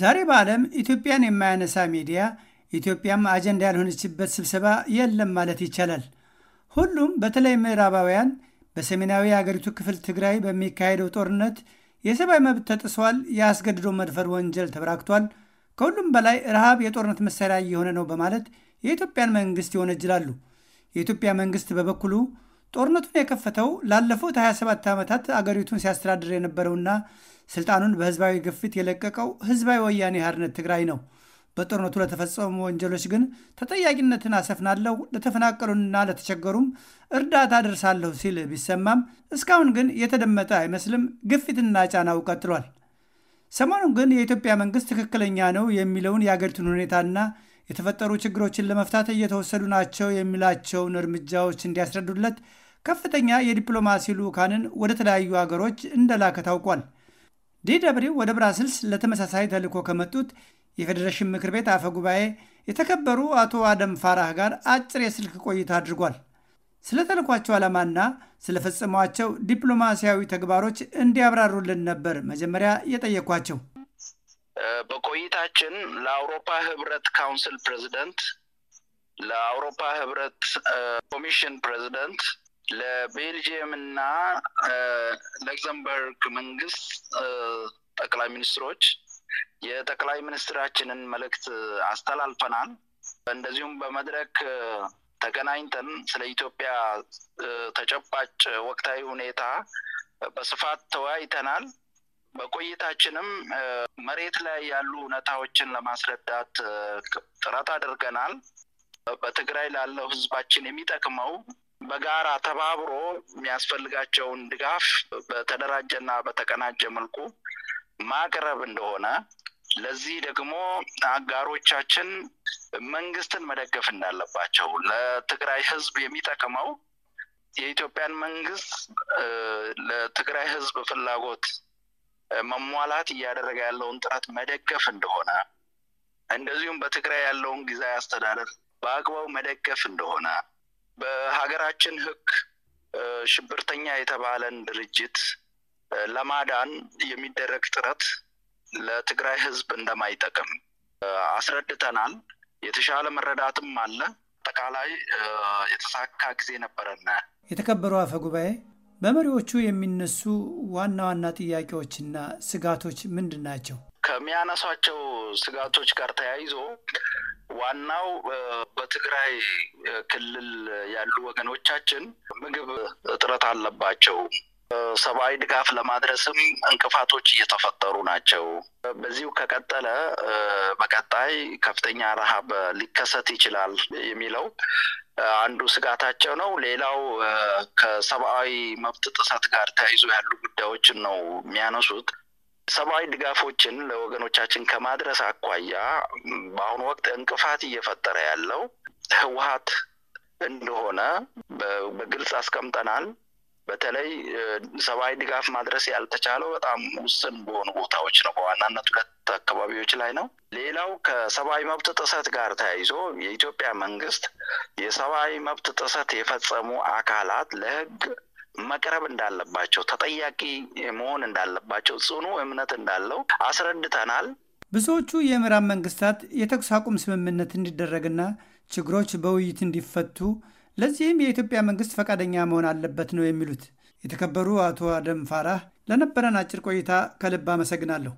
ዛሬ በዓለም ኢትዮጵያን የማያነሳ ሚዲያ ኢትዮጵያም አጀንዳ ያልሆነችበት ስብሰባ የለም ማለት ይቻላል። ሁሉም በተለይ ምዕራባውያን በሰሜናዊ የአገሪቱ ክፍል ትግራይ በሚካሄደው ጦርነት የሰብአዊ መብት ተጥሷል፣ የአስገድዶ መድፈር ወንጀል ተበራክቷል፣ ከሁሉም በላይ ረሃብ የጦርነት መሳሪያ እየሆነ ነው በማለት የኢትዮጵያን መንግስት ይወነጅላሉ። የኢትዮጵያ መንግስት በበኩሉ ጦርነቱን የከፈተው ላለፉት 27 ዓመታት አገሪቱን ሲያስተዳድር የነበረውና ስልጣኑን በህዝባዊ ግፊት የለቀቀው ህዝባዊ ወያኔ ሓርነት ትግራይ ነው። በጦርነቱ ለተፈጸሙ ወንጀሎች ግን ተጠያቂነትን አሰፍናለሁ፣ ለተፈናቀሉና ለተቸገሩም እርዳታ አደርሳለሁ ሲል ቢሰማም እስካሁን ግን የተደመጠ አይመስልም። ግፊትና ጫናው ቀጥሏል። ሰሞኑን ግን የኢትዮጵያ መንግስት ትክክለኛ ነው የሚለውን የአገሪቱን ሁኔታና የተፈጠሩ ችግሮችን ለመፍታት እየተወሰዱ ናቸው የሚላቸውን እርምጃዎች እንዲያስረዱለት ከፍተኛ የዲፕሎማሲ ልዑካንን ወደ ተለያዩ አገሮች እንደላከ ታውቋል። ዲደብሊው ወደ ብራስልስ ለተመሳሳይ ተልእኮ ከመጡት የፌዴሬሽን ምክር ቤት አፈ ጉባኤ የተከበሩ አቶ አደም ፋራህ ጋር አጭር የስልክ ቆይታ አድርጓል። ስለ ተልኳቸው ዓላማና ስለፈጸሟቸው ዲፕሎማሲያዊ ተግባሮች እንዲያብራሩልን ነበር መጀመሪያ የጠየኳቸው። በቆይታችን ለአውሮፓ ህብረት ካውንስል ፕሬዚደንት፣ ለአውሮፓ ህብረት ኮሚሽን ፕሬዚደንት ለቤልጅየም እና ለግዘምበርግ መንግስት ጠቅላይ ሚኒስትሮች የጠቅላይ ሚኒስትራችንን መልእክት አስተላልፈናል። እንደዚሁም በመድረክ ተገናኝተን ስለ ኢትዮጵያ ተጨባጭ ወቅታዊ ሁኔታ በስፋት ተወያይተናል። በቆይታችንም መሬት ላይ ያሉ እውነታዎችን ለማስረዳት ጥረት አድርገናል። በትግራይ ላለው ህዝባችን የሚጠቅመው በጋራ ተባብሮ የሚያስፈልጋቸውን ድጋፍ በተደራጀና በተቀናጀ መልኩ ማቅረብ እንደሆነ ለዚህ ደግሞ አጋሮቻችን መንግስትን መደገፍ እንዳለባቸው ለትግራይ ህዝብ የሚጠቅመው የኢትዮጵያን መንግስት ለትግራይ ህዝብ ፍላጎት መሟላት እያደረገ ያለውን ጥረት መደገፍ እንደሆነ እንደዚሁም በትግራይ ያለውን ጊዜያዊ አስተዳደር በአግባቡ መደገፍ እንደሆነ በሀገራችን ህግ ሽብርተኛ የተባለን ድርጅት ለማዳን የሚደረግ ጥረት ለትግራይ ህዝብ እንደማይጠቅም አስረድተናል። የተሻለ መረዳትም አለ። አጠቃላይ የተሳካ ጊዜ ነበረና የተከበሩ አፈ ጉባኤ በመሪዎቹ የሚነሱ ዋና ዋና ጥያቄዎችና ስጋቶች ምንድን ናቸው? ከሚያነሷቸው ስጋቶች ጋር ተያይዞ ዋናው በትግራይ ክልል ያሉ ወገኖቻችን ምግብ እጥረት አለባቸው። ሰብአዊ ድጋፍ ለማድረስም እንቅፋቶች እየተፈጠሩ ናቸው። በዚሁ ከቀጠለ በቀጣይ ከፍተኛ ረሃብ ሊከሰት ይችላል የሚለው አንዱ ስጋታቸው ነው። ሌላው ከሰብአዊ መብት ጥሰት ጋር ተያይዞ ያሉ ጉዳዮችን ነው የሚያነሱት። ሰብአዊ ድጋፎችን ለወገኖቻችን ከማድረስ አኳያ በአሁኑ ወቅት እንቅፋት እየፈጠረ ያለው ህወሀት እንደሆነ በግልጽ አስቀምጠናል። በተለይ ሰብአዊ ድጋፍ ማድረስ ያልተቻለው በጣም ውስን በሆኑ ቦታዎች ነው። በዋናነት ሁለት አካባቢዎች ላይ ነው። ሌላው ከሰብአዊ መብት ጥሰት ጋር ተያይዞ የኢትዮጵያ መንግስት የሰብአዊ መብት ጥሰት የፈጸሙ አካላት ለህግ መቅረብ እንዳለባቸው፣ ተጠያቂ መሆን እንዳለባቸው ጽኑ እምነት እንዳለው አስረድተናል። ብዙዎቹ የምዕራብ መንግስታት የተኩስ አቁም ስምምነት እንዲደረግና ችግሮች በውይይት እንዲፈቱ ለዚህም የኢትዮጵያ መንግስት ፈቃደኛ መሆን አለበት ነው የሚሉት። የተከበሩ አቶ አደም ፋራህ፣ ለነበረን አጭር ቆይታ ከልብ አመሰግናለሁ።